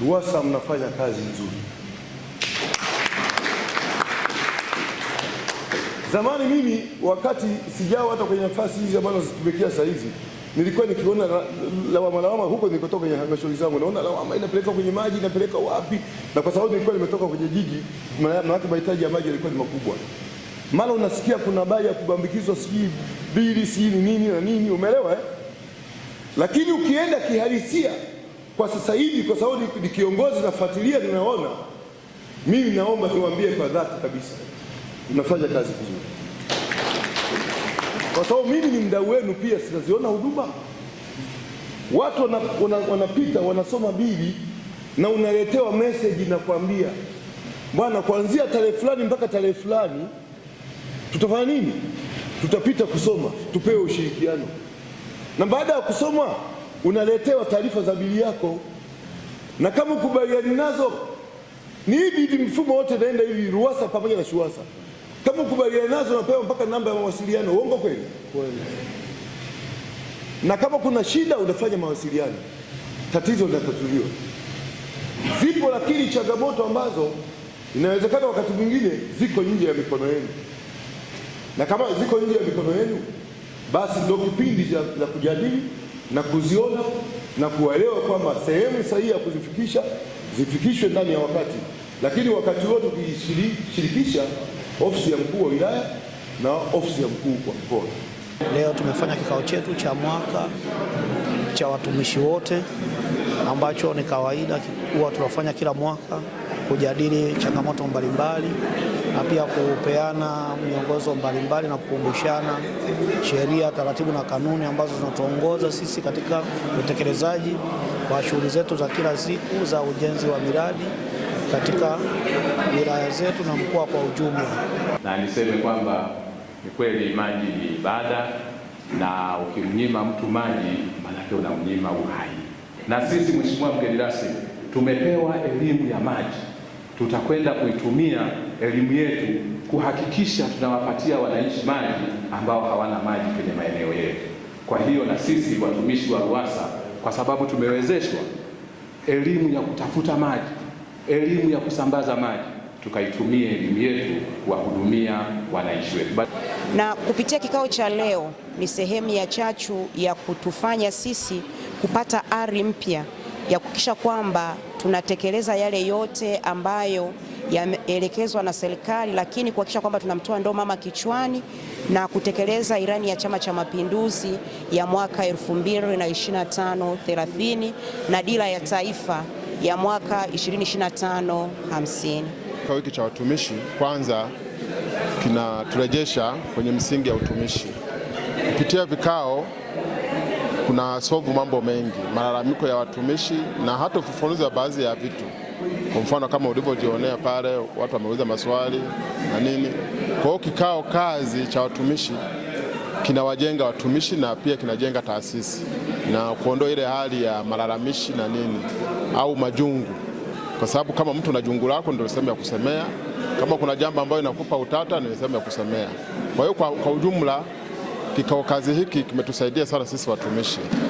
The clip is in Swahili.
RUWASA mnafanya kazi nzuri. Zamani mimi wakati sijawa hata kwenye nafasi hizi ambazo nazitumikia sasa hizi, nilikuwa nikiona lawama lawama huko nilikotoka kwenye halmashauri zangu, naona lawama inapeleka kwenye maji, inapeleka wapi? Na kwa sababu nilikuwa nimetoka kwenye jiji, maanake mahitaji ya maji yalikuwa ni makubwa. Mara unasikia kuna bai ya kubambikizwa sijui bili sijui ni nini na nini, umeelewa eh? Lakini ukienda kihalisia kwa sasa hivi, kwa sababu ni kiongozi, nafuatilia, ninaona. Mimi naomba niwaambie kwa dhati kabisa, unafanya kazi vizuri, kwa sababu mimi ni mdau wenu pia, sinaziona huduma watu wanapita wana, wana wanasoma bili na unaletewa meseji kuambia bwana, kuanzia tarehe fulani mpaka tarehe fulani tutafanya nini? Tutapita kusoma, tupewe ushirikiano, na baada ya kusoma unaletewa taarifa za bili yako, na kama ukubaliani nazo ni hivi hivi mfumo wote naenda hivi RUWASA pamoja na SHUWASA. Kama ukubaliani nazo unapewa mpaka namba ya mawasiliano. Uongo kweli? Na kama kuna shida unafanya mawasiliano, tatizo linatatuliwa. Zipo lakini changamoto ambazo inawezekana wakati mwingine ziko nje ya mikono yenu, na kama ziko nje ya mikono yenu, basi ndio kipindi cha kujadili na kuziona na kuwaelewa kwamba sehemu sahihi ya kuzifikisha zifikishwe ndani ya wakati, lakini wakati wote ukishirikisha ofisi ya mkuu wa wilaya na ofisi ya mkuu wa mkoa. Leo tumefanya kikao chetu cha mwaka cha watumishi wote ambacho ni kawaida huwa tunafanya kila mwaka kujadili changamoto mbalimbali na pia kupeana miongozo mbalimbali na kukumbushana sheria, taratibu na kanuni ambazo zinatuongoza sisi katika utekelezaji wa shughuli zetu za kila siku za ujenzi wa miradi katika wilaya zetu na mkoa kwa ujumla. Na niseme kwamba ni kweli maji ni ibada, na ukimnyima mtu maji manake unamnyima uhai. Na sisi, Mheshimiwa mgeni rasmi, tumepewa elimu ya maji tutakwenda kuitumia elimu yetu kuhakikisha tunawapatia wananchi maji ambao hawana maji kwenye maeneo yetu. Kwa hiyo na sisi watumishi wa RUWASA kwa sababu tumewezeshwa elimu ya kutafuta maji, elimu ya kusambaza maji, tukaitumie elimu yetu kuwahudumia wananchi wetu. Na kupitia kikao cha leo ni sehemu ya chachu ya kutufanya sisi kupata ari mpya ya kuhakikisha kwamba tunatekeleza yale yote ambayo yameelekezwa na serikali, lakini kuhakikisha kwamba tunamtoa ndo mama kichwani na kutekeleza irani ya Chama cha Mapinduzi ya mwaka 2025 30 na dira ya taifa ya mwaka 2025 50. Kwa wiki cha watumishi kwanza kinaturejesha kwenye msingi ya utumishi kupitia vikao kuna solve mambo mengi, malalamiko ya watumishi na hata ufafanuzi wa baadhi ya vitu. Kwa mfano kama ulivyojionea pale, watu wameuliza maswali na nini. Kwa hiyo kikao kazi cha watumishi kinawajenga watumishi na pia kinajenga taasisi na kuondoa ile hali ya malalamishi na nini au majungu, kwa sababu kama mtu na jungu lako ndio sehemu ya kusemea. Kama kuna jambo ambayo inakupa utata, ni sehemu ya kusemea. Kwa hiyo kwa, kwa ujumla Kikao kazi hiki kimetusaidia sana sisi watumishi.